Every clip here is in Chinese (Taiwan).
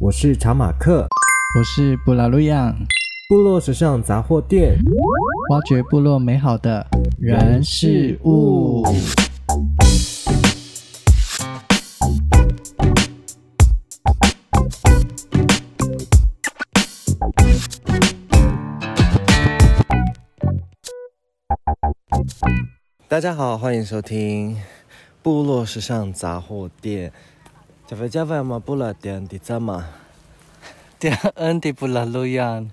我是查馬克，我是布拉路漾，部落時尚雜貨店，挖掘部落美好的人事物。大家好，歡迎收聽部落時尚雜貨店。加菲加菲嘛，布拉點的咋嘛？點恩的布拉路漾。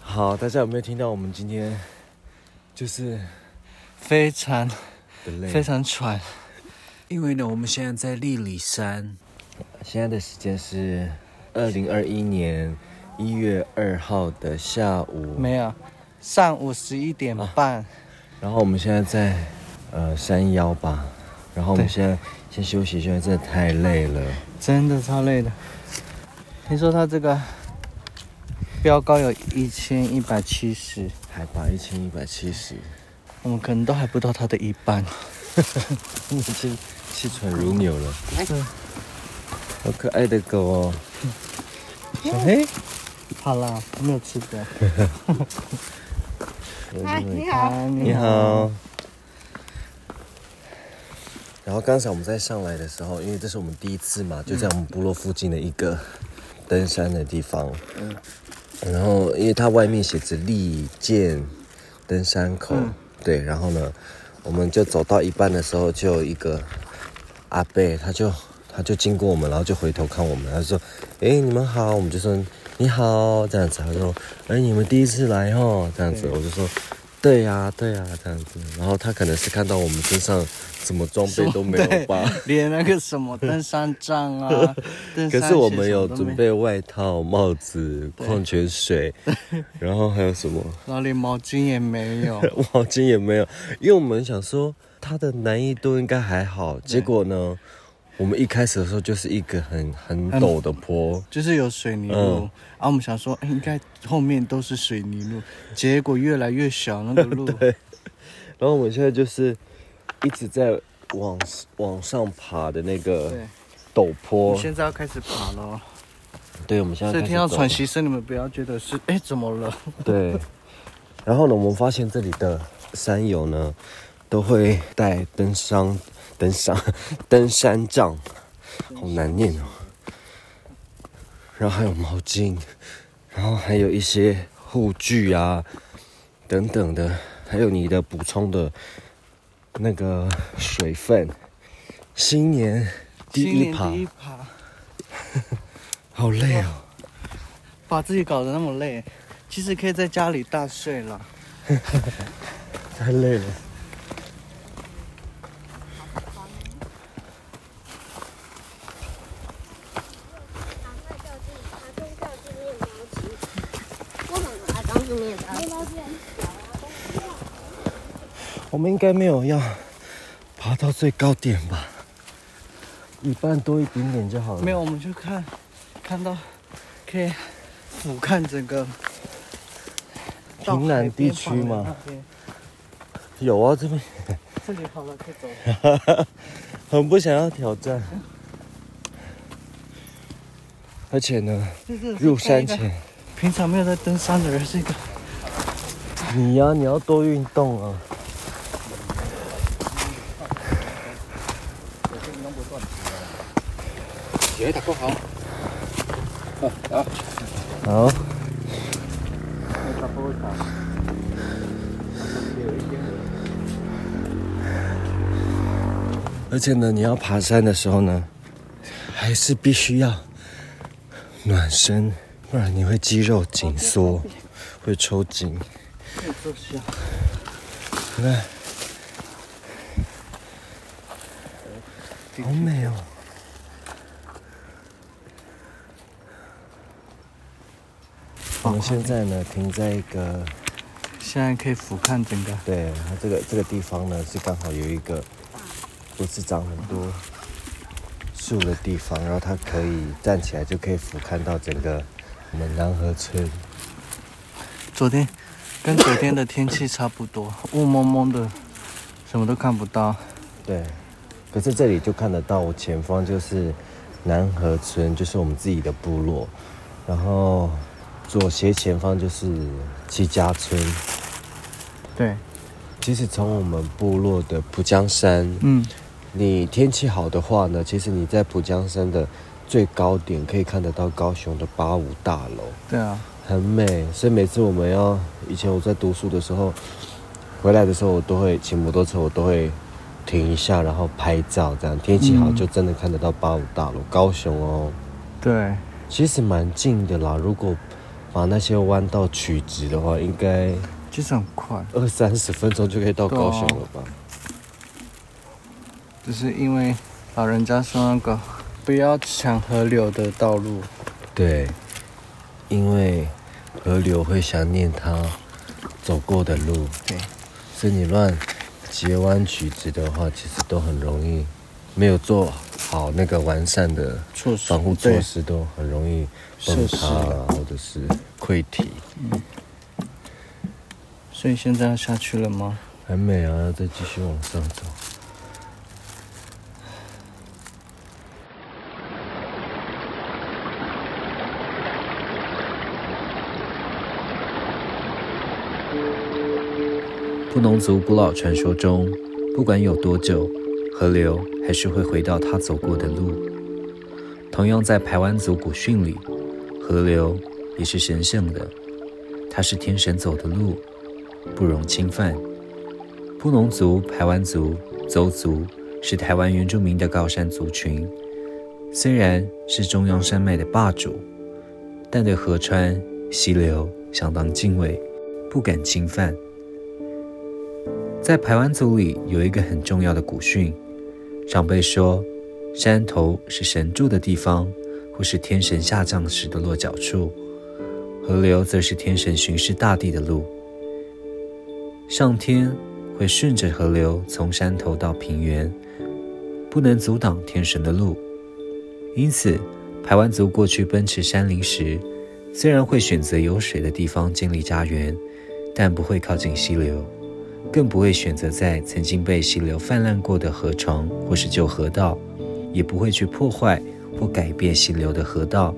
好，大家有沒有聽到？我們今天就是非常非常喘，因為呢，我們現在在力里山。現在的時間是二零二一年一月二號的下午。沒有，上午十一點半。啊，然後我們現在在呃山腰吧。然後我們現在。先休息一下，現在真的太累了，真的超累的。聽說它這個標高有一千一百七十，海拔一千一百七十，我們可能都還不到它的一半。已 經氣，氣喘如牛了，哎嗯。好可愛的狗哦，小黑，哎。好了，沒有吃的。 哎，你好，你好。然後剛才我們在上來的時候，因為這是我們第一次嘛，就在我們部落附近的一個登山的地方。嗯、然後，因為它外面寫着力健登山口，嗯、對。然後呢，我們就走到一半的時候，就有一個阿伯，他就他就經過我們，然後就回頭看我們，他就說：“誒、欸，你們好。”我們就說：“你好。”這樣子，他就說：“哎、欸，你們第一次來哦。”這樣子，嗯、我就說。對呀、啊，對呀、啊，這樣子。然後他可能是看到我們身上什麼裝備都沒有吧，連那個什麼登山杖啊， 登山可是我們有準備外套、帽子、礦泉水，然後還有什麼？然後連毛巾也沒有， 毛巾也沒有，因為我們想說他的難易度應該還好，對結果呢？我們一開始的時候就是一個很很陡的坡，嗯，就是有水泥路，嗯、啊，我們想說、欸、應該後面都是水泥路，結果越來越小那個路。對。然後我們現在就是一直在往往上爬的那個陡坡。我現在要開始爬了。對，我們現在。所以聽到喘息聲，你們不要覺得是哎、欸、怎麼了。 對。然後呢，我們發現這裡的山友呢，都會帶登山。登山，登山杖，好難念哦。然後還有毛巾，然後還有一些護具啊，等等的，還有你的補充的，那個水分。新年第一爬，第一爬 好累哦，把自己搞得那麼累，其實可以在家裡大睡了。 太累了。我們應該沒有要爬到最高點吧？一半多一點點就好了。沒有，我們去看看到可以俯瞰整個平南地區嗎？有啊，這邊這裡好了，可以走了。很不想要挑戰，而且呢，就是入山前，平常沒有在登山的人是一個你呀、啊，你要多運動啊。哎，大哥好。好。好哦，而且呢，你要爬山的時候呢，還是必須要暖身，不然你會肌肉緊縮，會抽筋。都需要。來，好美喲，哦。我們現在呢停在一個，現在可以俯瞰整個。對，它這個這個地方呢是剛好有一個不是長很多樹的地方，然後它可以站起來就可以俯瞰到整個我們南河村。昨天跟昨天的天氣差不多， 霧濛濛的，什麼都看不到。對，可是這裡就看得到，我前方就是南河村，就是我們自己的部落，然後。左斜前方就是七佳村。對，其實從我們部落的浦江山，嗯，你天氣好的話呢，其實你在浦江山的最高點可以看得到高雄的八五大樓。對啊，很美。所以每次我們要，以前我在讀書的時候，回來的時候我都會騎摩托車，我都會停一下，然後拍照。這樣天氣好就真的看得到八五大樓，嗯、高雄哦。對，其實蠻近的啦，如果不。把那些彎道取直的話，應該就是很快，二三十分鐘就可以到高雄了吧？就是因為老人家說那個不要搶河流的道路。對，因為河流會想念它走過的路。對，所以你亂截彎取直的話，其實都很容易，沒有做好那個完善的防護措施，都很容易。了，是設施或者是潰堤。嗯。所以現在要下去了嗎？還沒啊，再繼續往上走。布農族古老傳說中，不管有多久，河流還是會回到它走過的路。同樣在排灣族古訓裡。河流也是神聖的，它是天神走的路，不容侵犯。布農族、排灣族、鄒族是台灣原住民的高山族群，雖然是中央山脈的霸主，但對河川、溪流相當敬畏，不敢侵犯。在排灣族裡有一個很重要的古訓，長輩說：“山頭是神住的地方。”是天神下降時的落腳處，河流則是天神巡視大地的路。上天會順着河流從山頭到平原，不能阻擋天神的路。因此，排灣族過去奔馳山林時，雖然會選擇有水的地方建立家園，但不會靠近溪流，更不會選擇在曾經被溪流泛濫過的河床或是舊河道，也不會去破壞。不改變溪流的河道，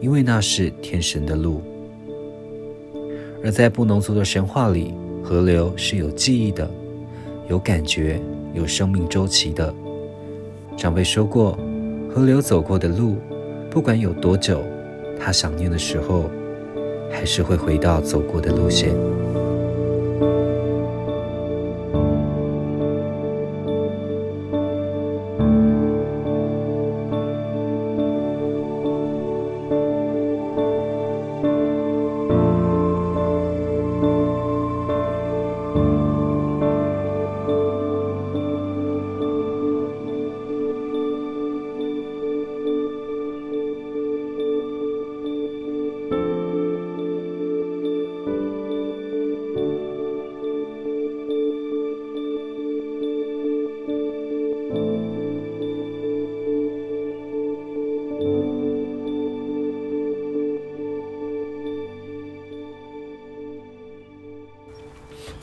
因為那是天神的路。而在布農族的神話裡，河流是有記憶的，有感覺，有生命週期的。長輩說過，河流走過的路，不管有多久，它想念的時候，還是會回到走過的路線。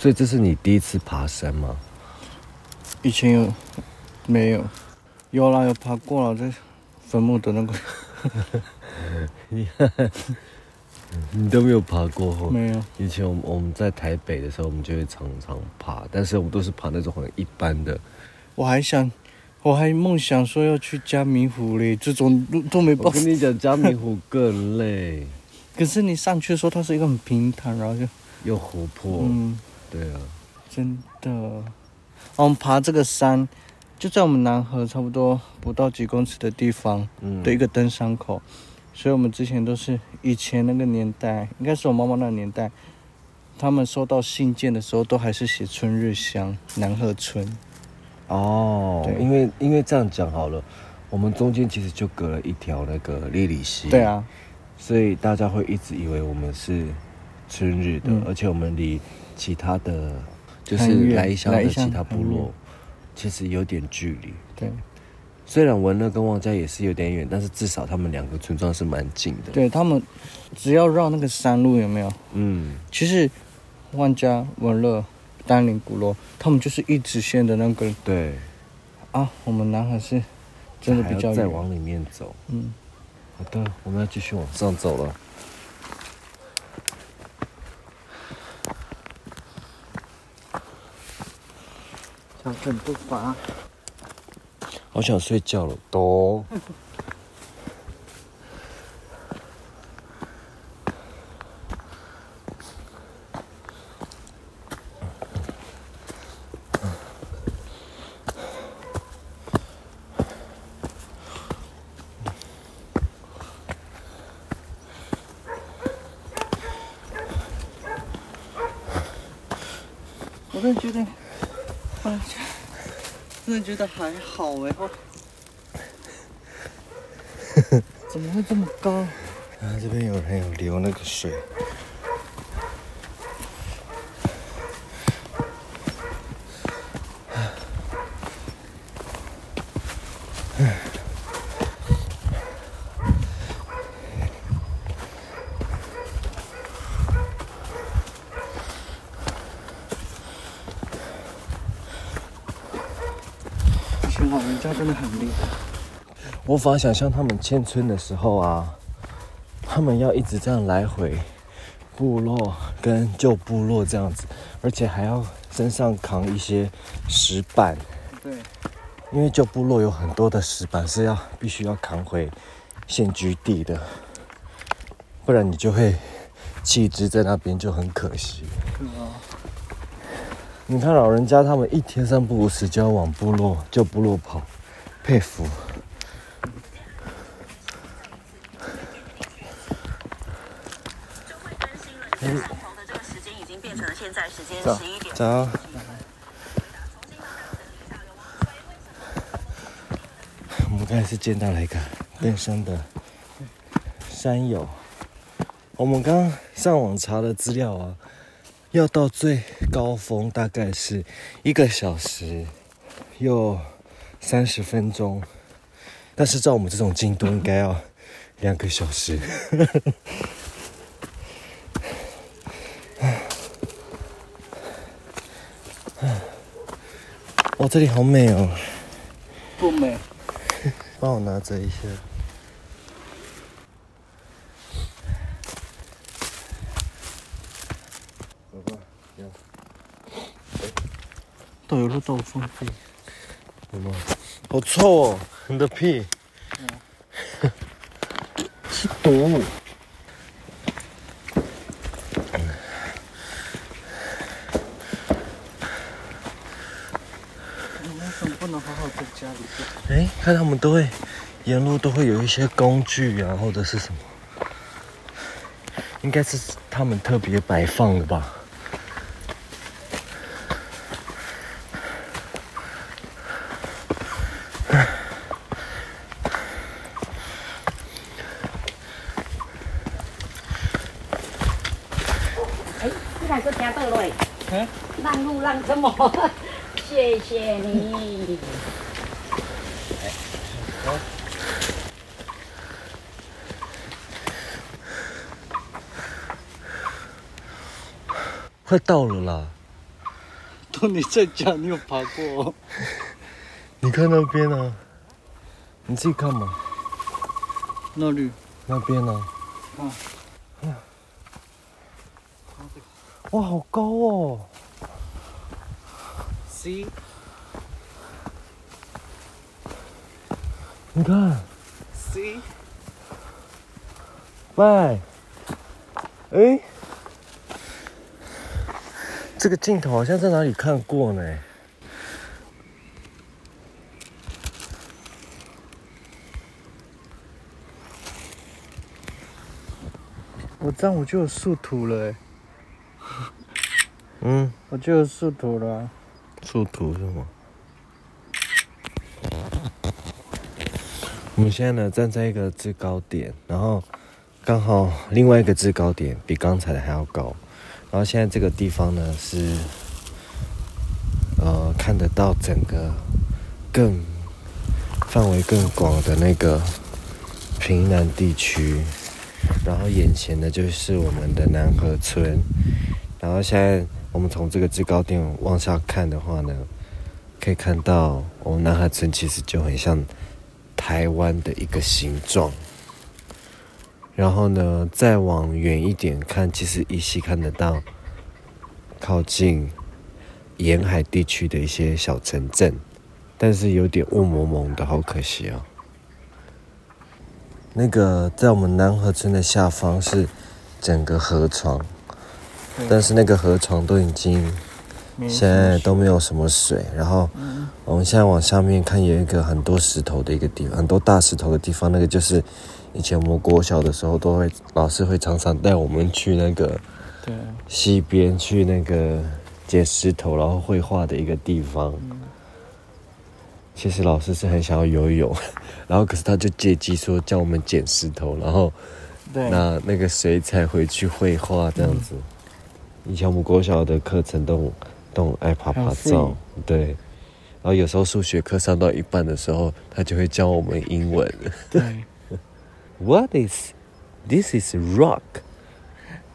所以這是你第一次爬山嗎？以前有，沒有，有啦，有爬過了，在墳墓的那個，你 你都沒有爬過，沒有。以前我們我們在台北的時候，我們就會常常爬，但是我們都是爬那種很一般的。我還想，我還夢想說要去嘉明湖嘞，這種都都沒辦法。我跟你講，嘉明湖更累。 可是你上去的時候，它是一個很平坦，然後就又湖泊。嗯。對啊，真的，哦。我們爬這個山，就在我們南河差不多不到幾公尺的地方的一個登山口，嗯、所以，我們之前都是以前那個年代，應該是我媽媽那個年代，他們收到信件的時候，都還是寫春日鄉南河村。哦，對，因為因為這樣講好了，我們中間其實就隔了一條那個力里溪。對啊，所以大家會一直以為我們是春日的，嗯，而且我們離。其他的，就是來義鄉的其他部落，其實有點距離。對，雖然文樂跟望嘉也是有點遠，但是至少他們兩個村莊是蠻近的。對他們，只要繞那個山路有沒有？嗯，其實望嘉、文樂、丹林古樓，他們就是一直線的那個。對，啊，我們南和是真的比較遠。還在往裡面走。嗯，好的，我們要繼續往上走了。調整步伐，好想睡覺了，都多。 我真覺得。我去，真的覺得還好哎！我，怎麼會這麼高？啊，然後這邊有人有流那個水。無法想象他們遷村的時候啊，他們要一直這樣來回，部落跟舊部落這樣子，而且還要身上扛一些石板。對。因為舊部落有很多的石板是要必須要扛回現居地的，不然你就會棄之在那邊，就很可惜。哦，你看老人家他們一天三不五時就要往部落舊部落跑，佩服。從頭的這個時間已經變成了現在時間十一點。走、嗯。早早我們剛才是見到了一個登山的山友。我們剛上網查的資料啊，要到最高峰大概是一個小時又三十分鐘，但是照我們這種進度應該要兩個小時。 哇、 哦，這裡好美哦！不多美， 幫我拿着一下。好 吧，有，有！哎，到處飛。好臭哦！你的屁。 是毒。哎，看他們都會沿路都會有一些工具啊，或者是什麼，應該是他們特別擺放的吧。哦、哎，你還是聽倒來，讓、嗯、路讓這麼好，謝謝你。嗯啊，快到了啦！都你在家，你有爬過？你看那邊啊，你自己看嘛。那裡？那邊啊。啊！哇，好高哦 c 你看 c 喂。e e 哎，這個鏡頭好像在哪裡看過呢？我這樣我就有樹圖了，欸，嗯，我就有樹圖了。啊，樹圖是嗎？我們現在呢，站在一個制高點，然後剛好另外一個制高點比剛才的還要高，然後現在這個地方呢是，呃，看得到整個更範圍更廣的那個平南地區，然後眼前呢就是我們的南河村，然後現在我們從這個制高點往下看的話呢，可以看到我們南河村其實就很像。台灣的一個形狀，然後呢，再往遠一點看，其實依稀看得到靠近沿海地區的一些小城鎮，但是有點霧濛濛的，好可惜哦。那個在我們南河村的下方是整個河床，但是那個河床都已經。現在都沒有什麼水，然後我們現在往下面看，有一個很多石頭的一個地方，很多大石頭的地方，那個就是以前我們國小的時候，都會老師會常常帶我們去那個對溪邊去那個撿石頭，然後繪畫的一個地方。嗯、其實老師是很想要游泳，然後可是他就借機說叫我們撿石頭，然後拿那個水彩回去繪畫這樣子。嗯、以前我們國小的課程都。動愛 'm 爬爬山，對。然後有時候數學課上到一半的時候，他就會教我們英文。 對。What is? This is rock。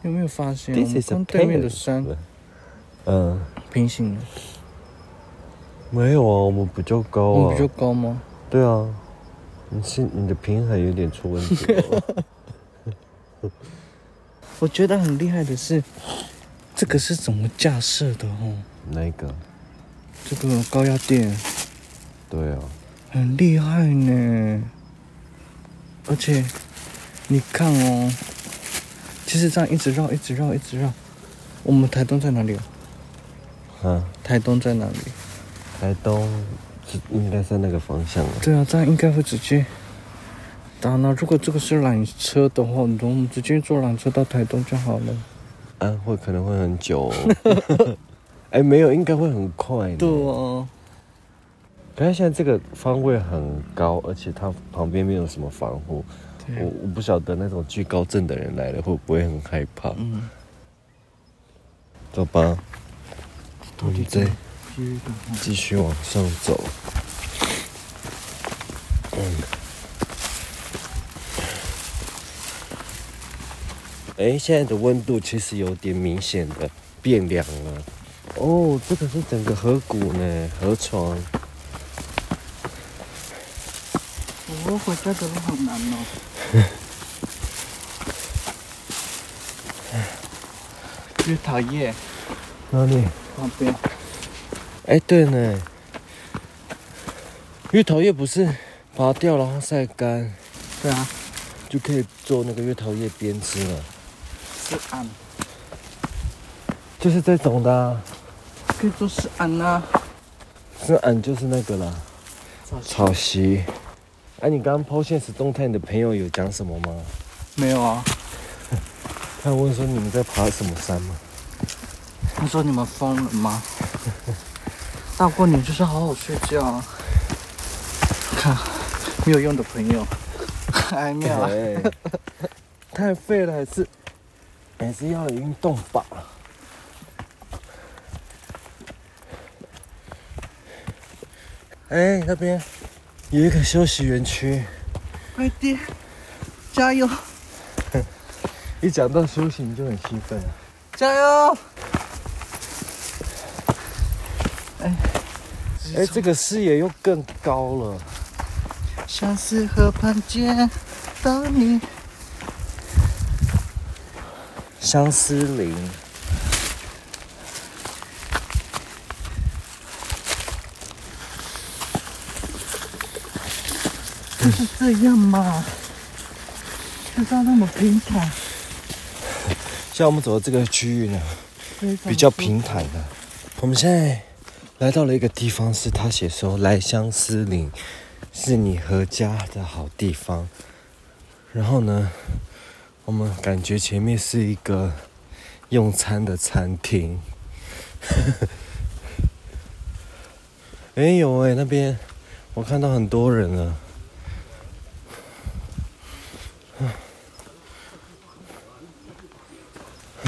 有沒有發現？跟對面的山。嗯。平行的。沒有啊，我們比較高啊。我們比較高嗎？對啊。你是你的平衡有點出問題哦。 我覺得很厲害的是，這個是怎麼架設的哦？哦那個？這個高壓電。對啊、哦。很厲害呢！而且，你看哦，其實這樣一直繞，一直繞，一直繞。我們台東在哪裡？啊，哈台東在哪裡？台東應該在那個方向、啊。對啊，這樣應該會直接。當然了，如果這個是纜車的話，我們直接坐纜車到台東就好了。啊，會可能會很久。 哎，沒有，應該會很快的。對哦，可是現在這個方位很高，而且它旁邊沒有什麼防護。對我我不曉得那種懼高症的人來了會不會很害怕。嗯、走吧，我們再繼續往上走。對嗯，哎，現在的溫度其實有點明顯的變涼了。哦，這個是整個河谷呢，河床。我、哦、回家走路好難哦。月桃 葉，哪裡？旁邊便。哎，對呢。月桃葉不是拔掉然後曬乾？對啊。就可以做那個月桃葉編織了。是啊暗。就是這種的啊。啊可以做試俺吶。試俺就是那個了。草席。哎、啊，你剛剛 PO 限時動態你的朋友有講什麼嗎？沒有啊。他問說你們在爬什麼山嗎？他說你們瘋了嗎？ 大過年就是好好睡覺啊。看， 沒有用的朋友。太妙了。太廢了，還是還是要有運動吧。哎，那邊有一個休息園區，快點，加油！ 一講到休息你就很興奮，加油！哎，哎，這個視野又更高了。相思河畔見到你。相思林。就是這樣嘛？就上那麼平坦，像我們走的這個區域呢，比較平坦的。我們現在來到了一個地方，是他寫說：“來相思嶺，是你和家的好地方。”然後呢，我們感覺前面是一個用餐的餐廳。哎呦哎，那邊我看到很多人了。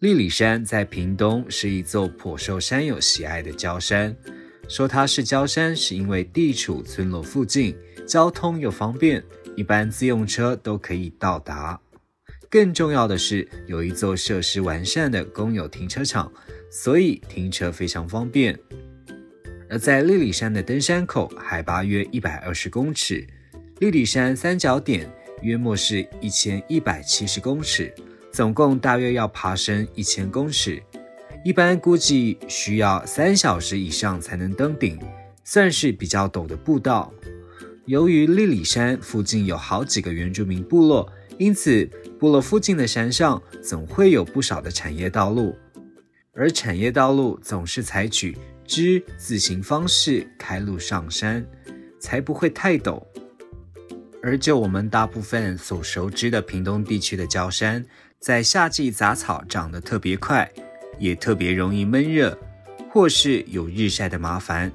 力里山在屏東是一座頗受山友喜愛的郊山。說它是郊山，是因為地處村落附近，交通又方便，一般自用車都可以到達。更重要的是，是有一座設施完善的公有停車場，所以停車非常方便。而在力里山的登山口，海拔約一百二十公尺；力里山三角點約莫是一千一百七十公尺。總共大約要爬升一千公尺，一般估計需要三小時以上才能登頂，算是比較陡的步道。由於力里山附近有好幾個原住民部落，因此部落附近的山上總會有不少的產業道路，而產業道路總是採取之字形方式開路上山，才不會太陡。而就我們大部分所熟知的屏東地區的郊山。在夏季，雜草長得特別快，也特別容易悶熱，或是有日曬的麻煩。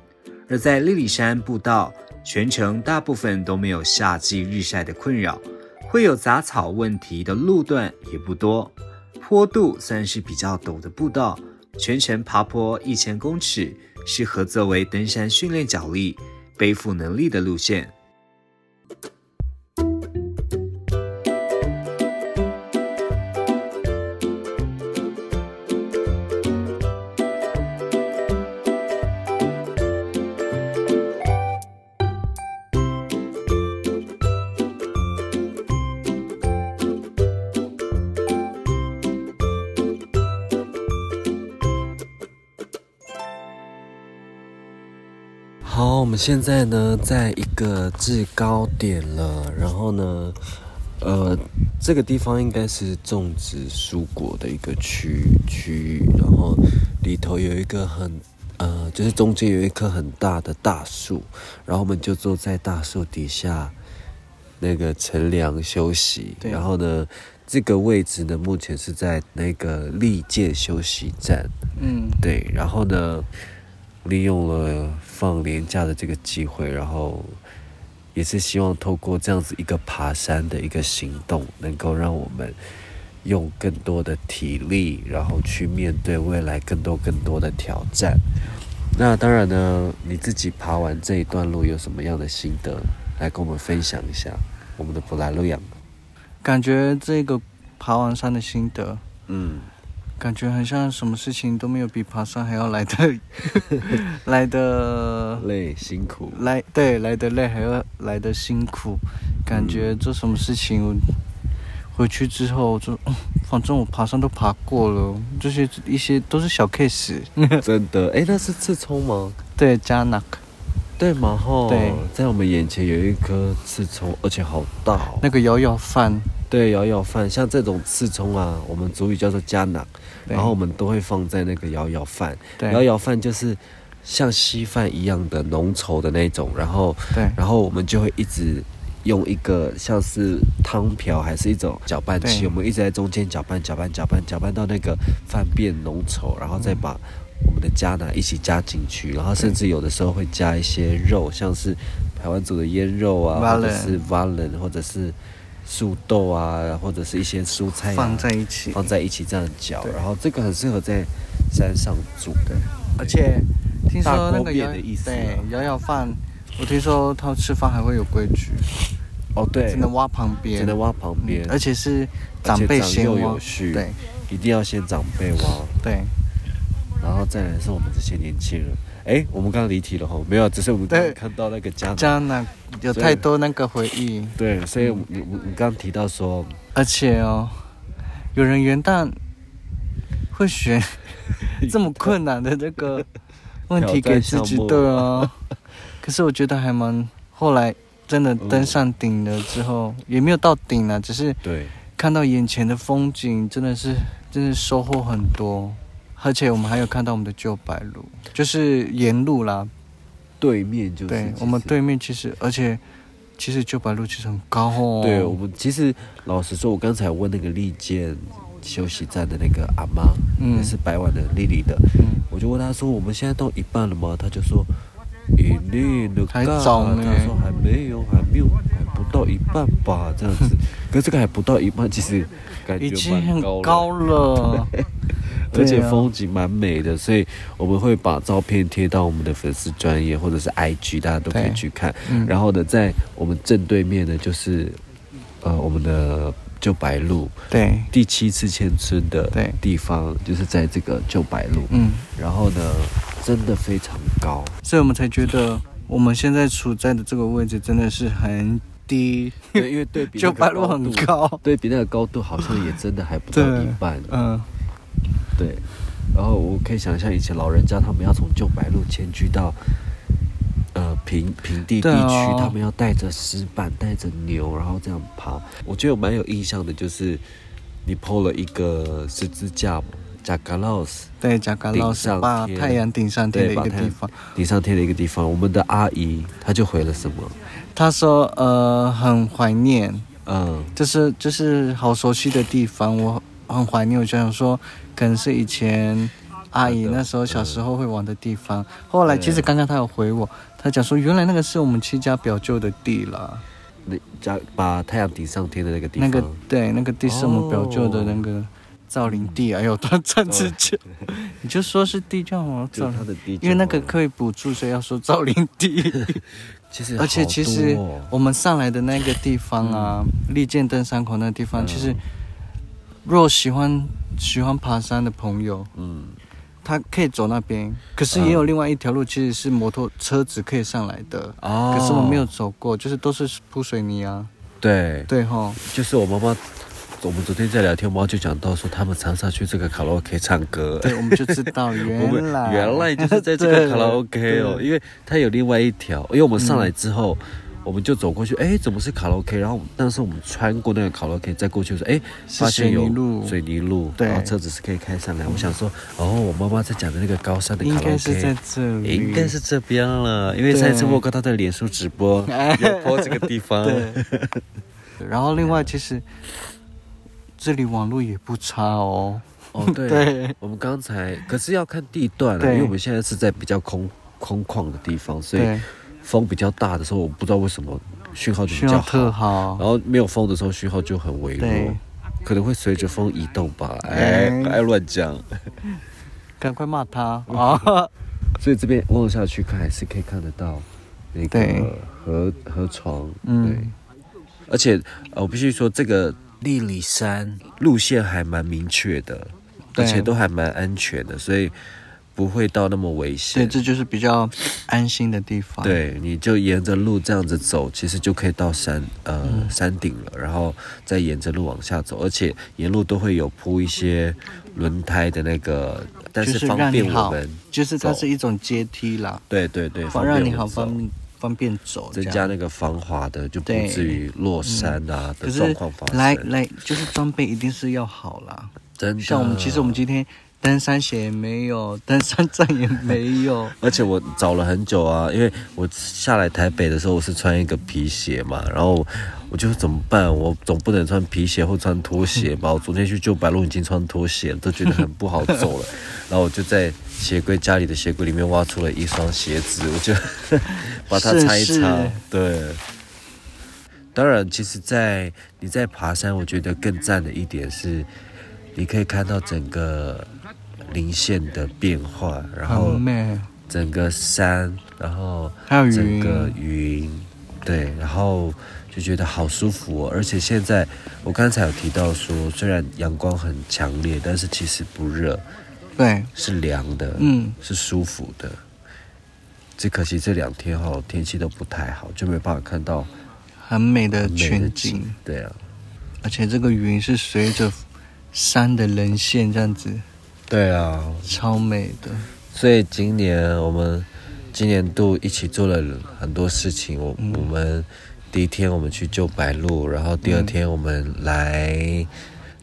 而在力里山步道，全程大部分都沒有夏季日曬的困擾，會有雜草問題的路段也不多。坡度算是比較陡的步道，全程爬坡一千公尺，適合作為登山訓練腳力、背負能力的路線。我們現在呢，在一個制高點了，然後呢，呃，這個地方應該是種植蔬果的一個區區域，然後裡頭有一個很，呃，就是中間有一棵很大的大樹，然後我們就坐在大樹底下，那個乘涼休息，對然後呢，這個位置呢，目前是在那個力健休息站，嗯，對，然後呢。利用了放年假的這個機會，然後也是希望透過這樣子一個爬山的一個行動，能夠讓我們用更多的體力，然後去面對未來更多更多的挑戰。那當然呢，你自己爬完這一段路有什麼樣的心得，來跟我們分享一下？我們的布拉路漾，感覺這個爬完山的心得，嗯。感覺好像什麼事情都沒有，比爬山還要來的， 來，的來，來的累辛苦，來對來得累還要來得辛苦，感覺做什麼事情，嗯、回去之後就、呃、反正我爬山都爬過了，這些一些都是小 case。真的，哎，那是刺蔥嗎？對，加拿克對，吼對，然後在我們眼前有一顆刺蔥，而且好大、哦，那個搖搖飯。對，咬咬飯，像這種刺蔥啊，我們族語叫做加納，對然後我們都會放在那個咬咬飯。咬咬飯就是像稀飯一樣的濃稠的那種，然後，對，然後我們就會一直用一個像是湯瓢還是一種攪拌器，對我們一直在中間攪拌、攪拌、攪拌、攪拌到那個飯變濃稠，然後再把我們的加納一起加進去，嗯、然後甚至有的時候會加一些肉，對像是台灣煮的醃肉啊，Val en, 或者是瓦楞，或者是。樹豆啊，或者是一些蔬菜，啊、放在一起，放在一起這樣攪，對然後這個很適合在山上煮。對，而且對對聽說那個也，意思啊，對舀舀飯，我聽說他吃飯還會有規矩。哦，對，只能挖旁邊，只能挖旁邊，嗯，而且是長輩先長幼有序。對，一定要先長輩挖，對，然後再來是我們這些年輕人。哎，我們剛離題了吼，沒有，只是我們看到那個江南江南，有太多那個回憶。對，所以我我我，嗯，剛剛提到說，而且哦，有人元旦會選 這麼困難的這個問題給自己的哦。可是我覺得還蠻，後來真的登上頂了之後，嗯，也沒有到頂啊，只是對，看到眼前的風景，真的是，真的收穫很多。而且我們還有看到我們的舊白鹿，就是沿路啦，對面就是我們對面其實，而且其實舊白鹿其實很高哦。對，我們其實老實說，我剛才問那個力健休息站的那個阿媽，也、嗯、是白碗的麗麗的，莉莉的嗯、我就問她說：“我們現在到一半了嗎？”她就說：“一麗，那個還早了，她說還沒有，還沒有，還不到一半吧這樣子。 可是這個還不到一半，其實感覺已經很高了。啊” 而且風景蠻美的，啊、所以我們會把照片貼到我們的粉絲專業或者是 IG，大家都可以去看。嗯、然後呢，在我們正對面呢，就是呃我們的舊白鹿，對，第七次遷村的地方，對就是在這個舊白鹿。嗯，然後呢，真的非常高，所以我們才覺得我們現在處在的這個位置真的是很低，對因為對比 舊白鹿很高，對比那個高度好像也真的還不到一半。嗯。呃對，然後我可以想象以前老人家他們要從舊白鹿遷居到，呃平平地地區，哦、他們要帶着石板，帶着牛，然後這樣爬。我覺得我蠻有印象的，就是你破了一個十字架，加高老斯，對，加高老斯把太陽頂上天的一個地方，頂上天的一個地方。我們的阿姨她就回了什麼？她說呃很懷念，嗯，就是就是好熟悉的地方，我。很懷念，我就想說，可能是以前阿姨那時候小時候會玩的地方。後來，其實剛剛他有回我，他講說，原來那個是我們七佳表舅的地了。那家把太陽底上貼的那個地那個對，那個地是我們表舅的那個造林地呦，有站子叫，你就說是地窖地，因為那個可以補助，所以要說造林地。其實，而且其實我們上來的那個地方啊，力健登山口那個地方，其實。如果喜歡喜歡爬山的朋友，嗯，他可以走那邊，可是也有另外一條路，其實是摩托車子可以上來的哦。可是我們沒有走過，就是都是鋪水泥啊。對對哈，哦，就是我媽媽，我們昨天在聊天，我媽媽就講到說，他們常常去這個卡拉 OK 唱歌。對，我們就知道原來 原來就是在這個卡拉 OK 哦，因為它有另外一條，因為我們上來之後。嗯我們就走過去，哎，怎麼是卡拉 OK？然後當時我們穿過那個卡拉 OK，再過去的時候，哎，發現有水泥路，對，車子是可以開上來。我想說，哦，我媽媽在講的那個高山的卡拉 OK，應該是在這裡，應該是這邊了，因為上一次我哥他在臉書直播，也播這個地方。對，然後另外其實這裡網絡也不差哦，哦對，我們剛才可是要看地段了，因為我們現在是在比較空空曠的地方，所以。風比較大的時候，我不知道為什麼訊號就比較好，特好然後沒有風的時候訊號就很微弱，對可能會隨着風移動吧。對哎，不要亂講，趕快罵他啊！Okay. 哦、所以這邊望下去看，還是可以看得到那個河對河床。對，嗯、而且我必須說，這個力裡山路線還蠻明確的，對而且都還蠻安全的，所以。不會到那麼危險，對，這就是比較安心的地方。對，你就沿着路這樣子走，其實就可以到山呃、嗯、山頂了，然後再沿着路往下走，而且沿路都會有鋪一些輪胎的那個，但是方便我們就，就是它是一種階梯啦，對對對，對對方便你好，方便方便走，增加那個防滑的，就不至於落山啊的狀況發生，嗯、來來，就是裝備一定是要好啦，真的，像我們其實我們今天。登山鞋沒有，登山杖也沒有，而且我找了很久啊，因為我下來台北的時候我是穿一個皮鞋嘛，然後我就怎麼辦？我總不能穿皮鞋或穿拖鞋吧？我昨天去舊白鹿，已經穿拖鞋，都覺得很不好走了， 然後我就在鞋櫃家裡的鞋櫃裡面挖出了一雙鞋子，我就 把它拆一拆。是是對，當然，其實在你在爬山，我覺得更讚的一點是，你可以看到整個稜線的變化，然後整個山，然後還有整個雲，對，然後就覺得好舒服哦。而且現在我剛才有提到說，雖然陽光很強烈，但是其實不熱，對，是涼的，嗯，是舒服的。只可惜這兩天哦，天氣都不太好，就沒辦法看到很美的，很美的全景。對啊，而且這個雲是隨着山的稜線這樣子，對啊，超美的。所以今年我們今年度一起做了很多事情。我、嗯、我們第一天我們去救白鹿，然後第二天我們來、嗯、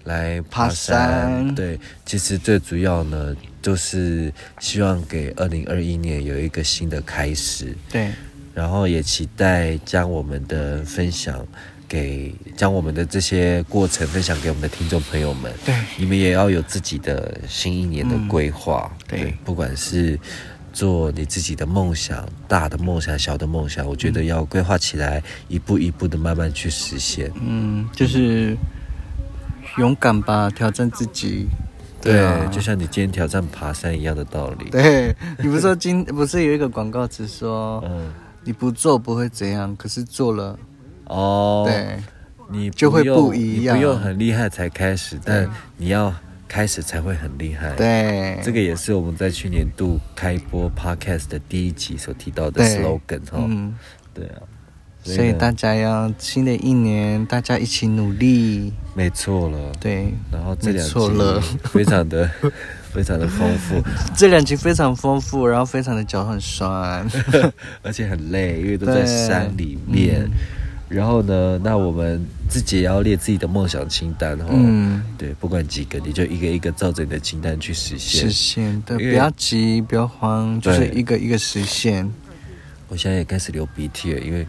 來爬山。爬山對，其實最主要呢，就是希望給二零二一年有一個新的開始。對，然後也期待將我們的分享。給將我們的這些過程分享給我們的聽眾朋友們，對，你們也要有自己的新一年的規劃，嗯、對，對，不管是做你自己的夢想，大的夢想，小的夢想，嗯、我覺得要規劃起來，一步一步的慢慢去實現，嗯，就是勇敢吧，挑戰自己，對啊，對啊，就像你今天挑戰爬山一樣的道理，對，你不是說今 不是有一個廣告詞說，嗯，你不做不會怎樣，可是做了。哦，對，你就會不一樣，不用很厲害才開始，但你要開始才會很厲害。對，這個也是我們在去年度開播 Podcast 的第一集所提到的 slogan 哈。對啊，所以大家要新的一年，大家一起努力。沒錯了，對，然後這兩集非常的非常的豐富，這兩集非常豐富，然後非常的腳很酸，而且很累，因為都在山裡面。然後呢，那我們自己也要列自己的夢想清單，哦。嗯。對，不管幾個，你就一個一個照着你的清單去實現。實現。對為，不要急，不要慌，對就是一個一個實現。我現在也開始流鼻涕了，因為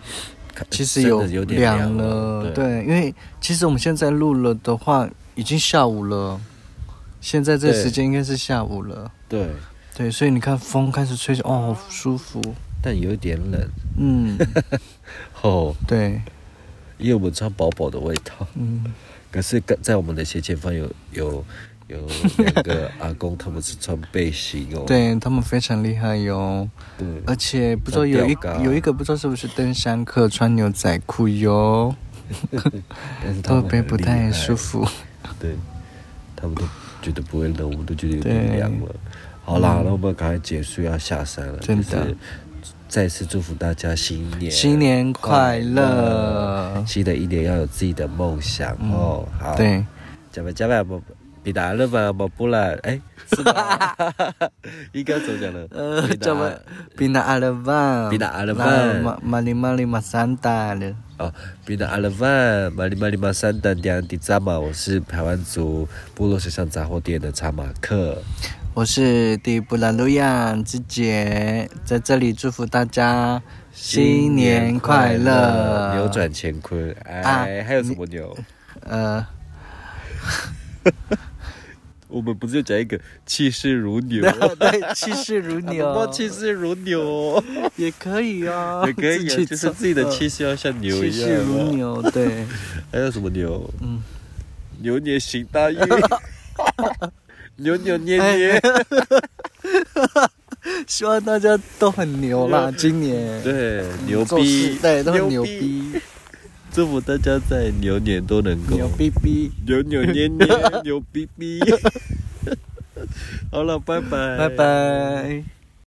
其實有有點涼了。涼了對，對，因為其實我們現在錄了的話，已經下午了。現在這時間應該是下午了。對。對，對，所以你看風開始吹着，哦，好舒服。但有點冷，嗯，哦，對，因為我們穿薄薄的外套，嗯，可是在我們的斜前方有有有一個阿公，他們是穿背心哦，對他們非常厲害喲，嗯，而且不知道有一有一個不知道是不是登山客穿牛仔褲喲，特別不太舒服，對，他們都覺得不會冷，我都覺得有點涼了。好了，那我們趕快結束，要下山了，真的。再次祝福大家新年新年快樂，新的、哦嗯、一年要有自己的夢想、嗯、哦。好，對，嘉文嘉吧不，檳大了吧？不不來，哎，應該怎麼講呢？呃，嘉文檳大阿勒萬，檳大阿勒萬哪，馬里馬里馬山大了。哦，檳大阿勒萬，馬里馬里馬山大，第二的雜，我是排灣族部落時尚雜貨店的查馬克。我是蒂布拉路漾之杰，在這裡祝福大家新年快樂，快樂扭轉乾坤。哎，啊、還有什麼牛？呃， 我們不是要講一個氣勢如牛？啊、對，氣勢如牛。 不氣勢如牛也可以啊，也可以、啊，自己 就是自己的氣勢要像牛一樣。氣勢如牛，對。 還有什麼牛？嗯，牛年行大運。 扭扭捏捏、哎， 希望大家都很牛啦！嗯、今年對牛逼，對都很牛逼，牛逼，祝福大家在牛年都能夠扭扭捏捏捏牛逼逼，扭扭捏捏牛逼逼。 逼逼 好了，拜拜，拜拜。